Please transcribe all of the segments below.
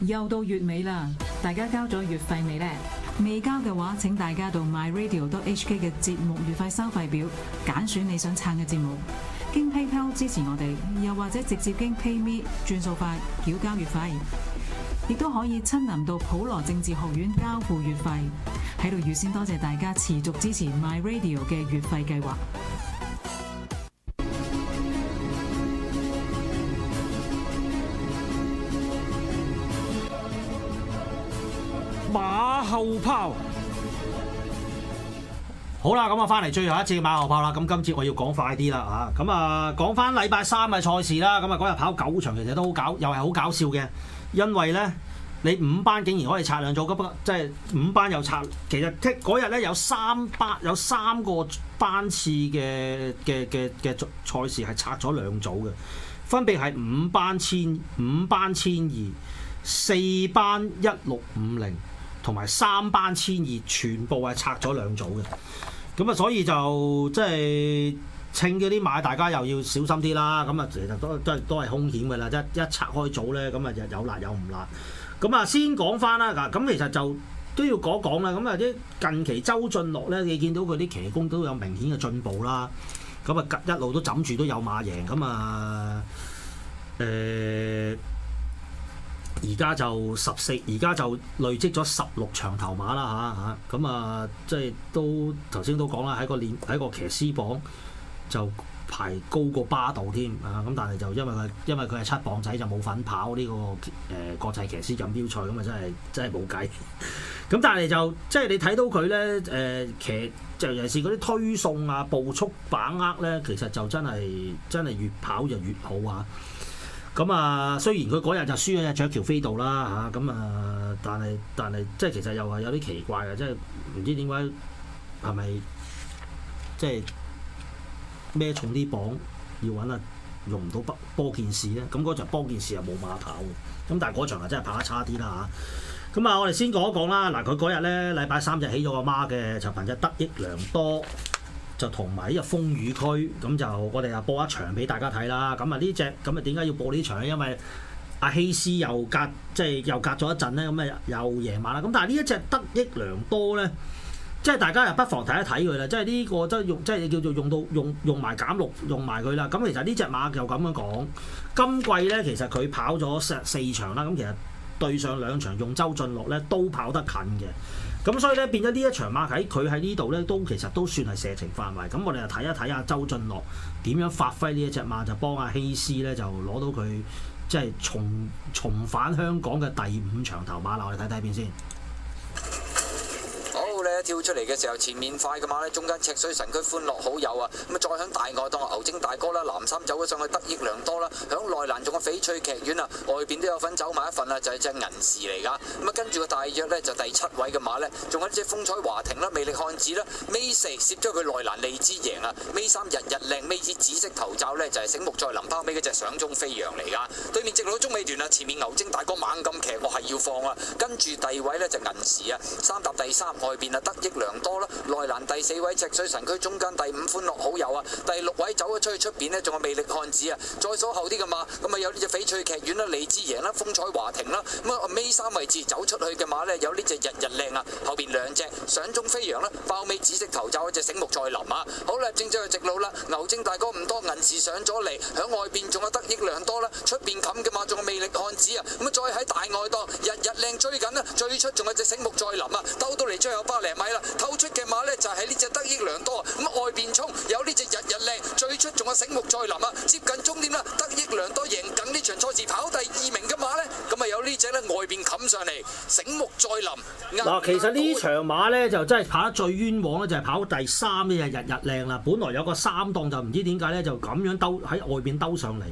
又到月尾啦，大家交咗月費未呢？未交嘅話，請大家到 myradio.hk 嘅節目月費收費表揀選你想撐嘅節目，經 PayPal 支持我哋，又或者直接經 PayMe 轉數快繳交月費，亦都可以親臨到普羅政治學院交付月費。喺度預先多謝大家持續支持 MyRadio 嘅月費計劃。馬後炮，好啦，咁啊，翻嚟最後一次馬後炮啦。咁今次我要講快啲啦，吓咁啊，講翻禮拜三嘅賽事啦。咁啊，嗰日跑九場，其實都好搞，又係好搞笑嘅。因為呢，你五班竟然可以拆兩組，即係五班又拆。其實嗰日呢有三班，有三個班次嘅嘅嘅嘅賽事係拆咗兩組嘅，分別係五班千、五班千二、四班一六五零。同埋三班千二，全部係拆咗兩組嘅，咁啊，所以就即係趁嗰啲馬，大家又要小心啲啦。咁啊，其實都都都係凶險㗎啦，一一拆開組咧，咁啊，有有辣有唔辣。咁啊，先講翻啦，咁其實就都要講講啦。咁啊，啲近期周俊樂咧，你見到佢啲騎功都有明顯嘅進步啦。咁啊，一路都枕住都有馬贏，咁啊，誒、欸。而家就十四，而家就累積咗十六場頭馬啦吓，嚇、啊，咁啊，啊即係都頭先都講啦，喺個練喺個騎師榜就排高過巴度添啊！咁但係就因為佢因為佢係七磅仔就冇份跑呢、這個誒、呃、國際騎師錦標賽咁啊，真係真係冇計。咁、啊、但係就即係你睇到佢咧誒騎就尤其是嗰啲推送啊、步速把握咧，其實就真係真係越跑就越好啊！咁啊、嗯，雖然佢嗰日就輸咗隻雀橋，橋飛度啦嚇，咁啊，但係但係即係其實又係有啲奇怪啊，即係唔知是是點解係咪即係孭重啲磅要揾啊，用唔到筆波，波件事咧，咁、嗯、嗰場波件事又冇馬跑嘅，咁但係嗰場啊真係跑得差啲啦嚇。咁啊，我哋先講一講啦，嗱、啊，佢嗰日咧禮拜三就起咗阿媽嘅，就憑隻得益良多。就同埋呢個風雨區，咁就我哋又播一場俾大家睇啦。咁啊呢隻咁啊點解要播呢場咧？因為阿希斯又隔即係又隔咗一陣咧，咁啊又夜晚啦。咁但係呢一隻得益良多咧，即係大家又不妨睇一睇佢啦。即係呢、呢個即係用即係叫做用到用用埋減六用埋佢啦。咁其實呢隻馬又咁樣講，今季咧其實佢跑咗四四場啦。咁其實。對上兩場用周俊樂咧都跑得近嘅。咁所以咧變咗呢一場馬喺佢喺呢度咧都其實都算係射程範圍，咁我哋就睇一睇下、啊、周俊樂點樣發揮呢一隻馬就幫阿、啊、希斯咧就攞到佢即係重重返香港嘅第五場頭馬，啦我哋睇睇邊先。跳出嚟嘅時候，前面快嘅馬呢，中間赤水神駒歡樂好友啊，咁啊再響大外檔牛精大哥啦，南山走咗上去得益良多啦，響內欄仲有翡翠劇院啊，外邊都有份走埋一份啊，就係隻銀匙嚟噶，咁啊跟住個大約呢，就第七位嘅馬呢，仲有隻風采華庭啦，魅力漢子啦，尾四攝咗佢內欄荔枝贏啊。尾三日日靚，尾二紫色頭罩呢，就係、是、醒目再臨包尾嘅隻賞中飛揚嚟噶，對面直落到中尾段啊，前面牛精大哥猛咁騎我係要放啊，跟住第二位呢，就銀匙啊，三搭第三外邊啊得。益良多啦，內欄第四位赤水神駒，中間第五歡樂好友啊，第六位走咗出去出邊呢仲係魅力漢子啊，再所後啲噶嘛，咁啊有呢隻翡翠劇院啦、李子瑩啦、風采華庭啦，咁啊尾三位字走出去嘅馬呢有呢隻日日靚啊，後邊兩隻上中飛揚啦、爆尾紫色頭罩嗰隻醒目再臨啊，好啦，正正係直路啦，牛精大哥唔多，銀匙上咗嚟，響外邊仲有得益良多啦，出邊冚嘅馬仲係魅力漢子啊，咁啊再喺大外檔日日靚追緊啦，最出仲係隻醒目再臨啊，兜到嚟最後百零米。係啦，透出嘅馬咧就係呢隻得益良多啊！咁外邊衝有呢隻日日靚，最出仲有醒目再臨啊！接近終點啦，得益良多贏緊呢場賽事，跑第二名嘅馬咧，咁啊有呢隻咧外邊冚上嚟醒目再臨嗱。其實呢場馬咧就真係跑得最冤枉咧，就係跑第三嘅日日靚啦。本來有個三檔就唔知點解咧就咁樣兜喺外邊兜上嚟，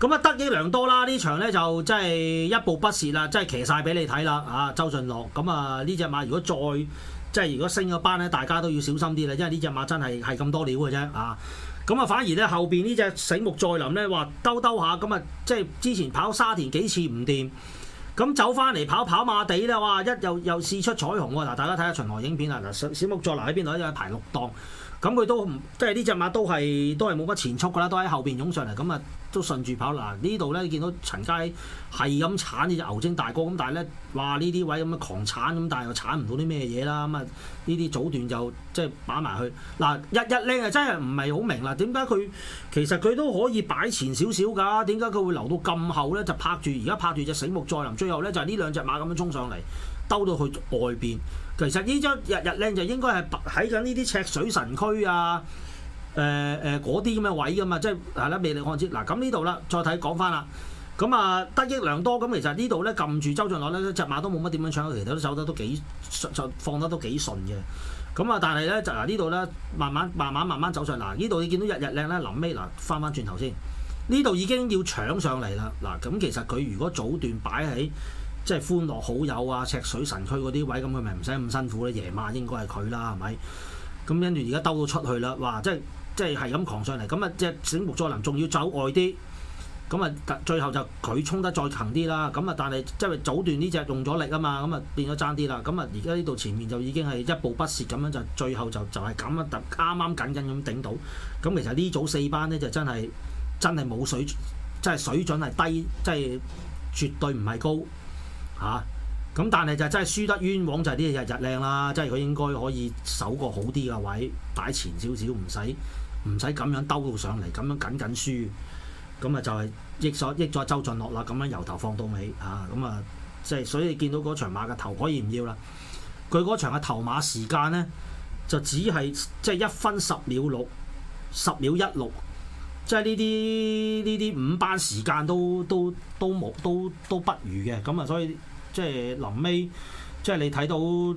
咁啊得益良多啦呢場咧就真係一步不蝕啦，真係騎晒俾你睇啦啊！周俊樂咁啊呢隻馬如果再即係如果升個班咧，大家都要小心啲啦，因為呢隻馬真係係咁多料嘅啫啊！咁啊反而咧後邊呢隻醒目再臨咧，哇兜兜下咁啊，即係之前跑沙田幾次唔掂，咁走翻嚟跑跑馬地咧，哇一又又試出彩虹嗱，大家睇下巡河影片啊嗱，醒目再臨喺邊度一咧排六檔。咁佢都唔，即係呢隻馬都係都係冇乜前速㗎啦，都喺後邊湧上嚟，咁啊都順住跑。嗱，呢度咧見到陳佳係咁鏟呢隻牛精大哥咁，但係咧，哇呢啲位咁樣狂鏟，咁但係又鏟唔到啲咩嘢啦。咁啊，呢啲組段就即係擺埋去。嗱，日日靚啊，真係唔係好明啦。點解佢其實佢都可以擺前少少㗎？點解佢會留到咁後咧？就拍住而家拍住隻醒目再臨，最後咧就係、是、呢兩隻馬咁樣衝上嚟，兜到去外邊。其實呢張日日靚就應該係喺緊呢啲赤水神區啊，誒誒嗰啲咁嘅位噶嘛、啊，即係係啦魅力漢之嗱咁呢度啦，再睇講翻啦，咁啊得益良多咁，其實呢度咧撳住周俊樂咧隻馬都冇乜點樣搶，其實都走得都幾就放得都幾順嘅，咁啊但係咧就嗱呢度咧慢慢慢慢慢慢走上，嗱呢度你見到日日靚咧臨尾嗱翻翻轉頭先，呢度已經要搶上嚟啦，嗱咁其實佢如果早段擺喺即係歡樂好友啊，赤水神區嗰啲位咁，佢咪唔使咁辛苦咧、啊？夜晚應該係佢啦，係咪？咁跟住而家兜到出去啦，話即係即係係咁狂上嚟，咁啊隻醒目再臨仲要走外啲，咁啊，最後就佢衝得再行啲啦。咁啊，但係即係早段呢隻用咗力啊嘛，咁啊變咗爭啲啦。咁啊，而家呢度前面就已經係一步不蝕咁樣，就最後就就係咁樣啱啱緊緊咁頂到。咁其實呢組四班呢，就真係真係冇水，即係水準係低，即係絕對唔係高。嚇，咁、啊、但係就真係輸得冤枉就係、呢、啲日日靚啦，即係佢應該可以守個好啲嘅位，擺前少少，唔使唔使咁樣兜到上嚟，咁樣緊緊輸，咁啊就係益咗益咗周俊樂啦，咁樣由頭放到尾嚇，咁啊即係所以見到嗰場馬嘅頭可以唔要啦？佢嗰場嘅頭馬時間呢，就只係即係一分十秒六，十秒一六，即係呢啲呢啲五班時間都都都冇都都不如嘅，咁啊所以。即係臨尾，即係你睇到，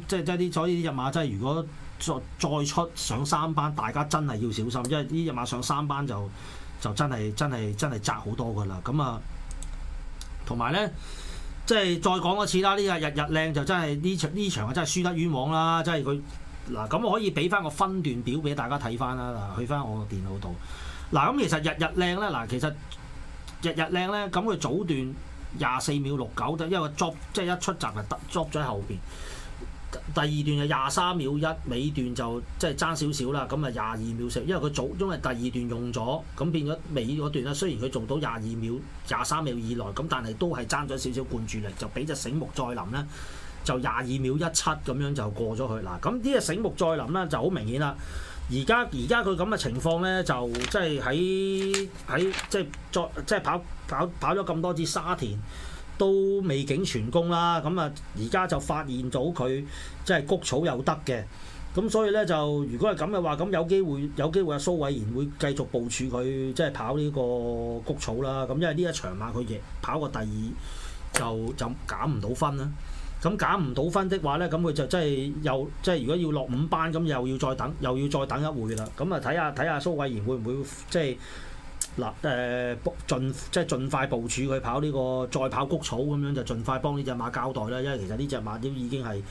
即係即係啲，所以呢啲日馬真係如果再再出上三班，大家真係要小心，因為呢日馬上三班就就真係真係真係窄好多噶啦。咁啊，同埋咧，即係再講一次啦，呢日日日靚就真係呢場呢場啊，真係輸得冤枉啦，即係佢嗱咁我可以俾翻個分段表俾大家睇翻啦。嗱，去翻我個電腦度嗱，咁其實日日靚咧，嗱其實日日靚咧，咁佢早段。廿四秒六九，就因為佢捉即係一出集係捉咗喺後邊。第二段就廿三秒一，尾段就即係爭少少啦。咁啊，廿二秒四，因為佢早因為第二段用咗，咁變咗尾嗰段咧。雖然佢做到廿二秒廿三秒以內，咁但係都係爭咗少少灌注力，就俾隻醒目再臨咧，就廿二秒一七咁樣就過咗去啦。咁呢隻醒目再臨咧就好明顯啦。而家而家佢咁嘅情況咧，就即係喺喺即係作即係跑跑跑咗咁多次沙田都未竟全功啦。咁啊，而家就發現到佢即係谷草又得嘅。咁所以咧，就如果係咁嘅話，咁有機會有機會阿蘇偉賢會繼續部署佢即係跑呢個谷草啦。咁因為呢一場嘛、啊，佢贏跑過第二就就減唔到分啦。咁減唔到分的話咧，咁佢就真係又即係如果要落五班，咁又要再等，又要再等一會啦。咁啊，睇下睇下蘇偉賢會唔會即係嗱誒盡即係盡快部署佢跑呢個再跑谷草咁樣，就盡快幫呢隻馬交代啦。因為其實呢隻馬都已經係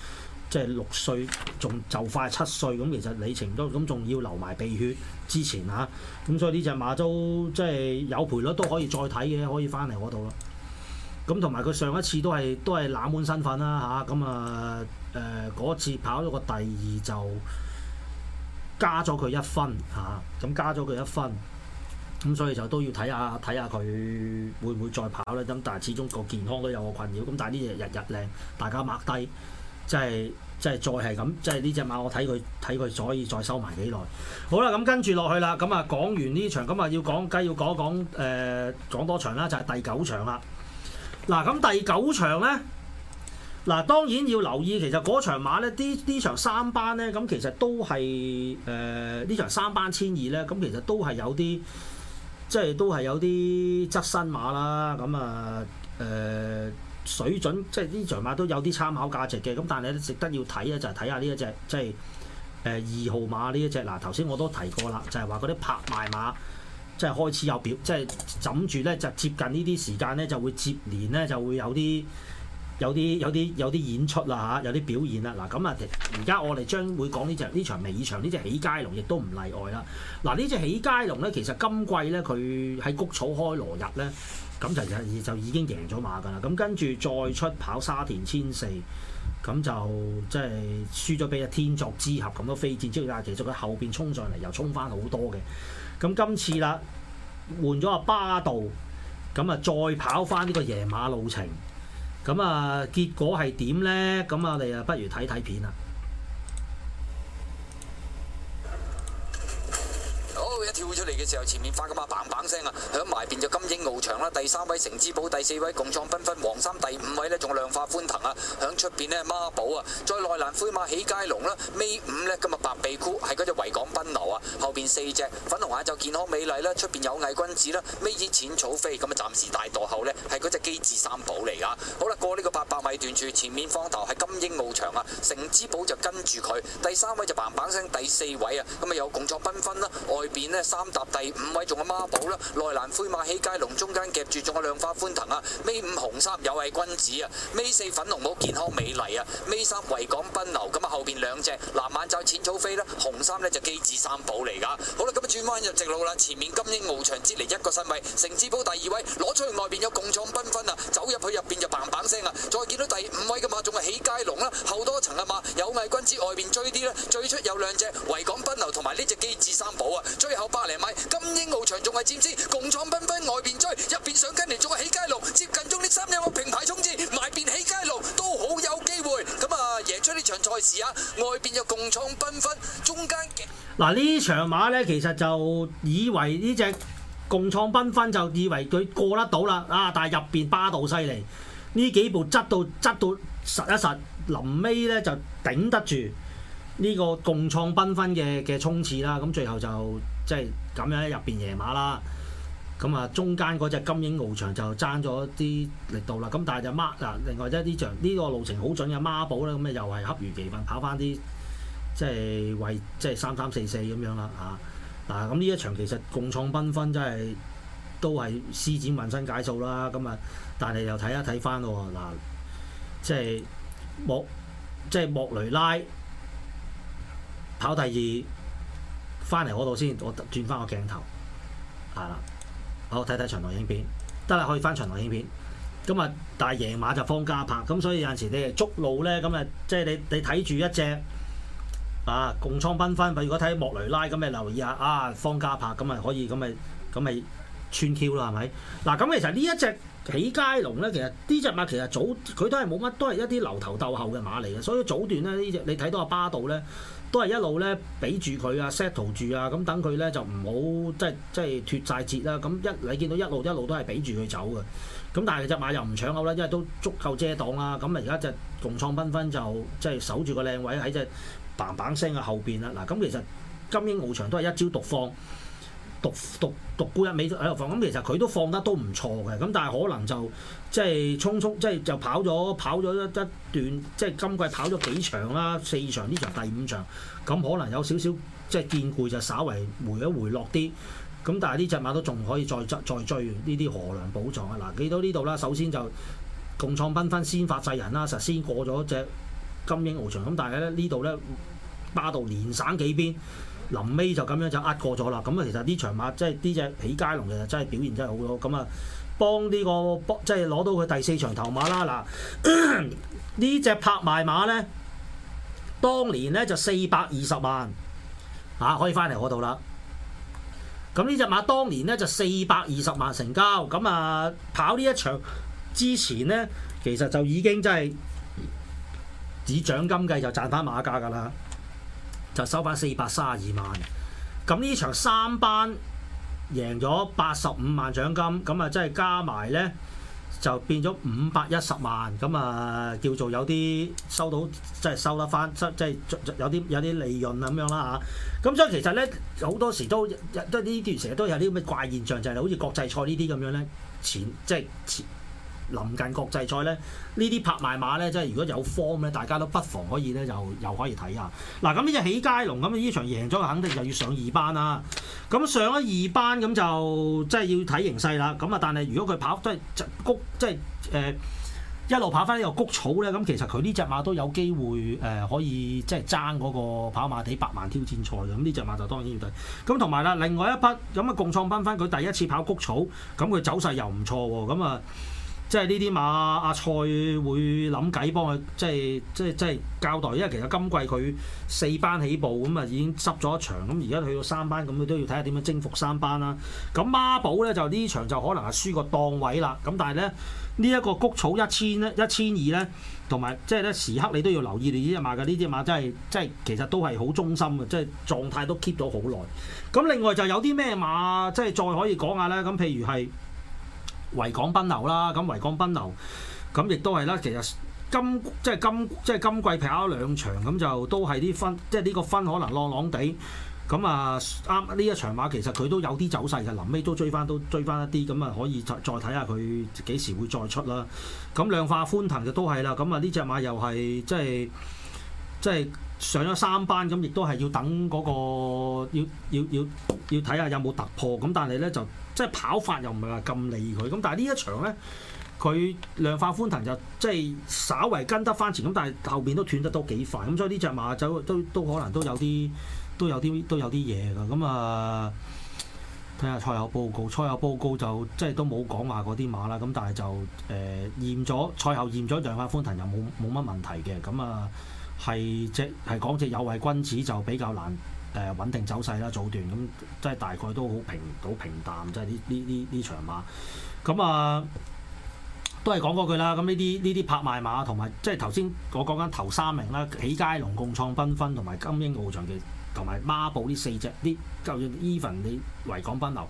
即係六歲，仲就快七歲咁，其實里程都咁，仲要流埋鼻血之前啊。咁所以呢隻馬都即係有賠率都可以再睇嘅，可以翻嚟嗰度咯。咁同埋佢上一次都係都係冷門身份啦嚇，咁啊誒嗰、啊呃、次跑咗個第二就加咗佢一分嚇，咁、啊啊、加咗佢一分咁、啊，所以就都要睇下睇下佢會唔會再跑咧。咁、啊、但係始終個健康都有個困擾，咁、啊、但係呢隻日日靚，大家擘低即係即係再係咁，即係呢隻馬我睇佢睇佢所以再收埋幾耐。好啦，咁、啊、跟住落去啦。咁啊講完呢場，咁啊要講，梗要講講誒、啊、講多場啦，就係、是、第九場啦。嗱，咁第九場咧，嗱當然要留意其，其實嗰場馬咧，呢呢場三班咧，咁其實都係誒呢場三班千二咧，咁其實都係有啲即係都係有啲側身馬啦，咁啊誒、呃、水準即係呢場馬都有啲參考價值嘅，咁但係咧值得要睇咧就係、是、睇下呢一隻即係誒二號馬呢一隻，嗱頭先我都提過啦，就係話嗰啲拍賣馬。即係開始有表，即係枕住咧就接近呢啲時間咧，就會接連咧就會有啲有啲有啲有啲演出啦嚇，有啲表現啦。嗱咁啊，而家我哋將會講呢隻呢場尾場呢隻起佳龍，亦都唔例外啦。嗱呢隻起佳龍咧，其實今季咧佢喺谷草開鑼日咧，咁就就就已經贏咗馬㗎啦。咁跟住再出跑沙田千四，咁就即係輸咗俾阿天作之合咁都非戰之罪啊。即係其實佢後邊衝上嚟又衝返好多嘅。咁今次啦，換咗阿巴道，咁啊再跑翻呢個野馬路程，咁啊結果係點咧？咁我哋啊不如睇睇片啦。好，一跳出嚟嘅時候，前面發緊棒棒聲啊，響埋邊就金英翱翔啦，第三位成之寶，第四位共創繽紛，黃衫第五位咧仲量化寬騰啊，響出邊咧孖寶啊，再內欄灰馬起街龍啦，尾五咧今日白鼻箍係嗰隻。四隻粉紅眼就健康美麗啦，出邊有偽君子啦，尾二淺草飛咁啊，暫時大墮後呢，係嗰隻機智三寶嚟噶。好啦，過呢個八百米段處，前面方頭係金鷹傲翔啊，成之寶就跟住佢，第三位就砰砰聲，第四位啊咁啊有共作繽紛啦，外邊呢，三搭第五位仲有孖寶啦，內欄灰馬起街龍中間夾住仲有亮花歡騰啊，尾五紅衫有偽君子啊，尾四粉紅帽健康美麗啊，尾三維港奔流咁啊後邊兩隻藍眼就淺草飛啦，紅衫呢，就機智三寶嚟噶。好啦，咁啊轉彎入直路啦，前面金鷹翱翔接嚟一個身位，城之寶第二位，攞出去外邊有共創繽紛啦，走入去入邊就砰砰聲啊！再見到第五位嘅馬仲係起街龍啦、啊，後多層嘅馬有藝君子外邊追啲啦，最出有兩隻維港奔流同埋呢隻機智三寶啊，最後百零米金鷹翱翔仲係佔先，共創繽紛外邊追，入邊上跟嚟仲係起街龍，接近中呢三樣個平牌衝刺，埋邊起街龍都好有機會，咁啊贏出呢場賽事啊！外邊有共創繽紛，中間。嗱呢、啊、場馬咧，其實就以為呢隻共創繽紛就以為佢過得到啦，啊！但係入邊巴道犀利，呢幾步側到側到實一實，臨尾咧就頂得住呢個共創繽紛嘅嘅衝刺啦。咁、啊、最後就即係咁樣喺入邊贏馬啦。咁啊，中間嗰隻金鷹翱翔就爭咗啲力度啦。咁、啊、但係就孖嗱、啊，另外一啲場呢、呢個路程好準嘅孖寶咧，咁、啊、咧、嗯、又係恰如其分跑翻啲。即係為即係三三四四咁樣啦吓嗱，咁呢一場其實共創繽紛，真係都係施展渾身解數啦。咁啊，但係又睇一睇翻喎嗱，即係莫即係莫雷拉跑第二，翻嚟嗰度先，我轉翻個鏡頭係啦。好睇睇長台影片得啦，可以翻長台影片咁啊。但係夜晚就放假拍咁，所以有陣時你捉路咧咁啊，即係你你睇住一隻。啊！共創繽紛，譬如果睇莫雷拉咁，咪留意下啊。方家柏咁咪可以咁咪咁咪串 Q 啦，係咪嗱？咁、啊、其實呢一隻比街龍咧，其實呢隻馬其實早佢都係冇乜，都係一啲留頭鬥後嘅馬嚟嘅，所以早段咧呢隻你睇到阿巴道咧都係一路咧俾住佢啊 set 住住啊，咁等佢咧就唔好即係即係脫債節啦。咁一你見到一路一路都係俾住佢走嘅，咁但係隻馬又唔搶口啦，因為都足夠遮擋啦。咁而家隻共創繽紛就即係守住個靚位喺隻。棒棒聲嘅後邊啦，嗱咁其實金英豪場都係一朝獨放，獨獨獨沽一味喺度放，咁其實佢都放得都唔錯嘅，咁但係可能就即係衝衝，即係就跑咗跑咗一一段，即係今季跑咗幾場啦，四場呢場第五場，咁可能有少少即係見攰就稍為回一回落啲，咁但係呢隻馬都仲可以再追再追呢啲河良寶藏啊，嗱記到呢度啦，首先就共創繽紛先發制人啦，實先過咗隻。金英翱翔咁，但係咧呢度咧，霸道連省幾邊，臨尾就咁樣就呃過咗啦。咁、嗯、啊，其實呢場馬即係呢隻起佳龍其實真係表現真係好咯。咁、嗯、啊，幫呢、呢個幫即係攞到佢第四場頭馬啦。嗱、嗯，呢、嗯、隻拍賣馬咧，當年咧就四百二十萬啊，可以翻嚟嗰度啦。咁呢隻馬當年咧就四百二十萬成交。咁、嗯、啊，跑呢一場之前咧，其實就已經真係。以獎金計就賺翻馬價㗎啦，就收翻四百三十二萬。咁呢場三班贏咗八十五萬獎金，咁啊即係加埋咧就變咗五百一十萬。咁啊叫做有啲收到，即係收得翻，收即係有啲有啲利潤咁樣啦嚇。咁所以其實咧好多時都即係都呢段時日都有啲咁嘅怪現象，就係好似國際賽呢啲咁樣咧，錢即係錢。臨近國際賽咧，呢啲拍賣馬咧，即係如果有 form 咧，大家都不妨可以咧，又又可以睇下。嗱、啊，咁呢隻起佳龍咁呢場贏咗，肯定就要上二班啦。咁上咗二班咁就即係要睇形勢啦。咁啊，但係如果佢跑都係谷，即係誒、呃、一路跑翻呢個谷草咧，咁其實佢呢隻馬都有機會誒、呃、可以即係爭嗰個跑馬地百萬挑戰賽。咁呢隻馬就當然要睇。咁同埋啦，另外一匹咁啊，共創繽紛佢第一次跑谷草，咁佢走勢又唔錯喎，咁啊～即係呢啲馬，阿蔡會諗計幫佢，即係即係即係交代。因為其實今季佢四班起步咁啊、嗯，已經執咗一場。咁而家去到三班，咁、嗯、佢都要睇下點樣征服三班啦。咁、嗯、孖寶咧就呢場就可能係輸個檔位啦。咁但係咧呢一、呢個谷草一千咧一千二咧，同埋即係咧時刻你都要留意。你呢隻馬㗎，呢隻馬真係即係其實都係好忠心嘅，即係狀態都 keep 到好耐。咁、嗯、另外就有啲咩馬即係再可以講下咧？咁譬如係。維港奔流啦，咁維港奔流，咁亦都係啦。其實今即係今即係今季劈咗兩場，咁就都係啲分，即係呢個分可能晾晾地。咁啊，啱呢一場馬其實佢都有啲走勢嘅，臨尾都追翻，都追翻一啲，咁啊可以再睇下佢幾時會再出啦。咁量化歡騰就都係啦，咁啊呢隻馬又係即係即係上咗三班，咁亦都係要等嗰、嗰個要要要要睇下有冇突破。咁但係咧就。即係跑法又唔係話咁利佢，咁但係呢一場咧，佢量化寬騰就即係稍為跟得翻前，咁但係後邊都斷得都幾快。咁所以呢隻馬走都都可能都有啲都有啲都有啲嘢㗎，咁啊睇下賽後報告，賽後報告就即係都冇講話嗰啲馬啦，咁但係就誒驗咗賽後驗咗量化寬騰又冇冇乜問題嘅，咁啊係即係講隻有為君子就比較難。誒、嗯、穩定走勢啦，早段咁、嗯、即係大概都好平好平淡，即係呢呢呢呢場馬咁、嗯、啊，都係講嗰句啦。咁呢啲呢啲拍賣馬同埋即係頭先我講緊頭三名啦，起佳龍共創繽紛同埋金鷹翱翔嘅，同埋孖布呢四隻，呢就算 even 你維港奔流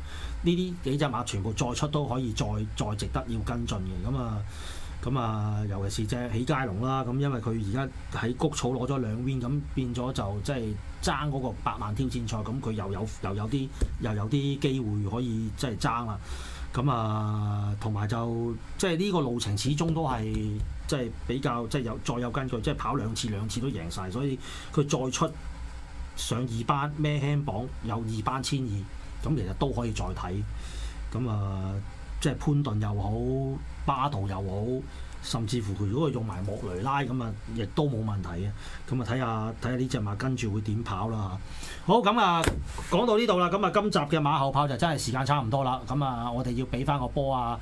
呢啲幾隻馬全部再出都可以再再值得要跟進嘅咁啊！嗯嗯咁啊，尤其是即係喜佳龍啦，咁因為佢而家喺谷草攞咗兩 win，咁變咗就即係爭嗰個百萬挑戰賽，咁佢又有又有啲又有啲機會可以即係爭啦。咁啊，同埋就即係呢個路程始終都係即係比較即係、就是、有再有根據，即、就、係、是、跑兩次兩次都贏晒，所以佢再出上二班咩輕磅有二班千二，咁其實都可以再睇。咁啊。即係潘頓又好，巴度又好，甚至乎佢如果佢用埋莫雷拉咁啊，亦都冇問題嘅。咁啊，睇下睇下呢隻馬跟住會點跑啦。好，咁啊，講到呢度啦，咁啊，今集嘅馬後炮就真係時間差唔多啦。咁啊，我哋要俾翻個波啊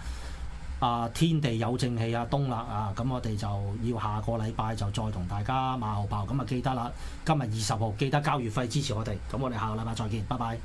啊天地有正氣啊東立啊，咁我哋就要下個禮拜就再同大家馬後炮。咁啊，記得啦，今日二十號記得交月費支持我哋。咁我哋下個禮拜再見，拜拜。